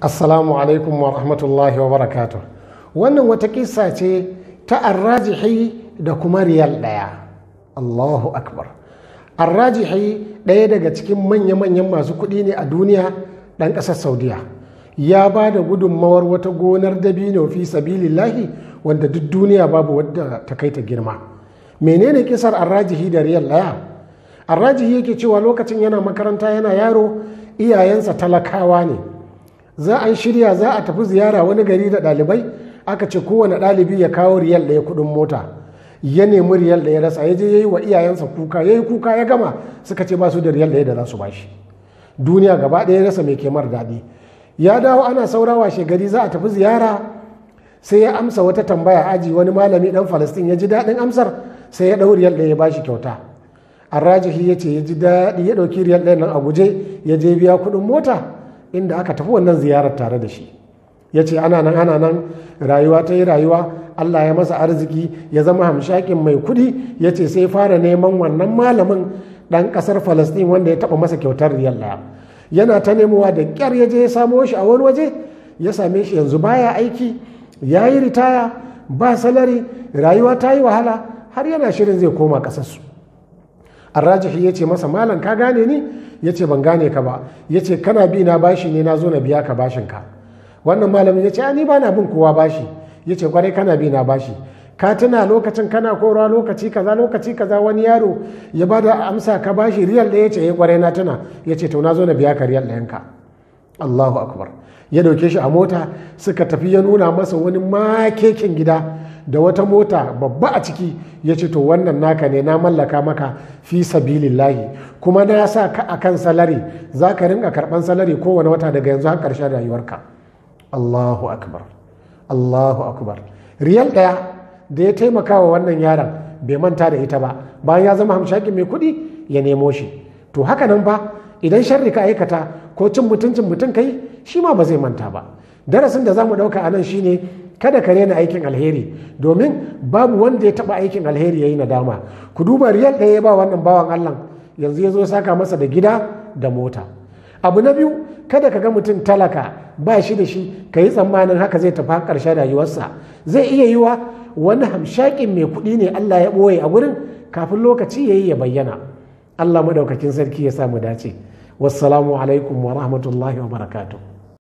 assalamu alaikum wa rahmatullahi wa barakatu wannan wata kisa ce ta arrajihi da kuma riyal daya. allahu akbar arrajihi ɗaya daga cikin manya-manyan masu kuɗi ne a duniya ɗan ƙasar saudiya ya ba da gudunmawar wata gonar dabino fi sabilillahi wanda duk duniya babu wadda ta kai ta girma menene kisar arrajihi da riyal ɗaya arrajihi yake cewa lokacin yana makaranta yana yaro iyayensa talakawa ne za a shirya za a tafi ziyara wani gari da ɗalibai aka ce kowane ɗalibi ya kawo riyal ɗaya kuɗin mota ya nemi riyal ya rasa ya je ya yi wa iyayensa kuka ya yi kuka ya gama suka ce ba su da riyal ɗaya da za su bashi duniya gaba ɗaya rasa mai kemar daɗi ya dawo ana saurawa shegari za a tafi ziyara sai ya amsa wata tambaya aji wani malami ɗan falastin ya ji daɗin amsar sai ya ɗau riyal da ya bashi kyauta arrajihi ya ce ya ji daɗi ya ɗauki riyal ɗaya nan a guje ya je biya kuɗin mota inda aka tafi wannan ziyarar tare da shi ya ce ana nan ana nan rayuwa ta yi rayuwa allah ya masa arziki ya zama hamshakin mai kudi ya ce sai fara neman wannan malamin ɗan ƙasar falastin wanda ya taɓa masa kyautar riyal yana ta nemowa da ƙyar ya je ya samo shi a wani waje ya same shi yanzu baya aiki ya yi ritaya ba salari rayuwa ta yi wahala har yana shirin zai koma ƙasarsu arrajihi ya ce masa malam ka gane ni ya ce ban gane ka ba ya ce kana bi na bashi ne na zo na biya ka bashin ka wannan malamin ya ce ni ba na bin kowa bashi ya ce kwarai kana bi na bashi ka tuna lokacin kana kora lokaci kaza lokaci kaza wani yaro ya ba da amsa ka bashi riyal ɗaya ce ya eh, kwarai na tuna ya ce to na zo na biya ka riyal ɗayan ka allahu akbar ya dauke shi a mota suka tafi ya nuna masa wani makekin gida da wata mota babba a ciki ya ce to wannan naka ne na mallaka maka fi sabilillahi kuma na sa ka a kan salari za ka rinka karban salari kowane wata daga yanzu har ƙarshen rayuwarka Allahu akbar Allahu akbar riyal ɗaya da ya taimaka wa wannan yaron bai manta da ita ba bayan ya zama hamshakin mai kuɗi ya nemo shi to haka nan ba idan sharri ka aikata ko cin mutuncin mutum kai shi ma ba zai manta ba darasin da za mu ɗauka a nan shine kada ka rena aikin alheri domin babu wanda ya taba aikin alheri ya yi nadama ku duba riyal ɗaya ba wannan bawan Allah yanzu ya zo saka masa da gida da mota abu na biyu kada ka ga mutum talaka ba shi da shi ka yi tsammanin haka zai tafi ƙarshen rayuwarsa zai iya yiwa wani hamshakin mai kuɗi ne Allah ya ɓoye a gurin kafin lokaci ya yi ya bayyana Allah madaukakin sarki ya sa mu dace wassalamu alaikum wa rahmatullahi wa barakatuh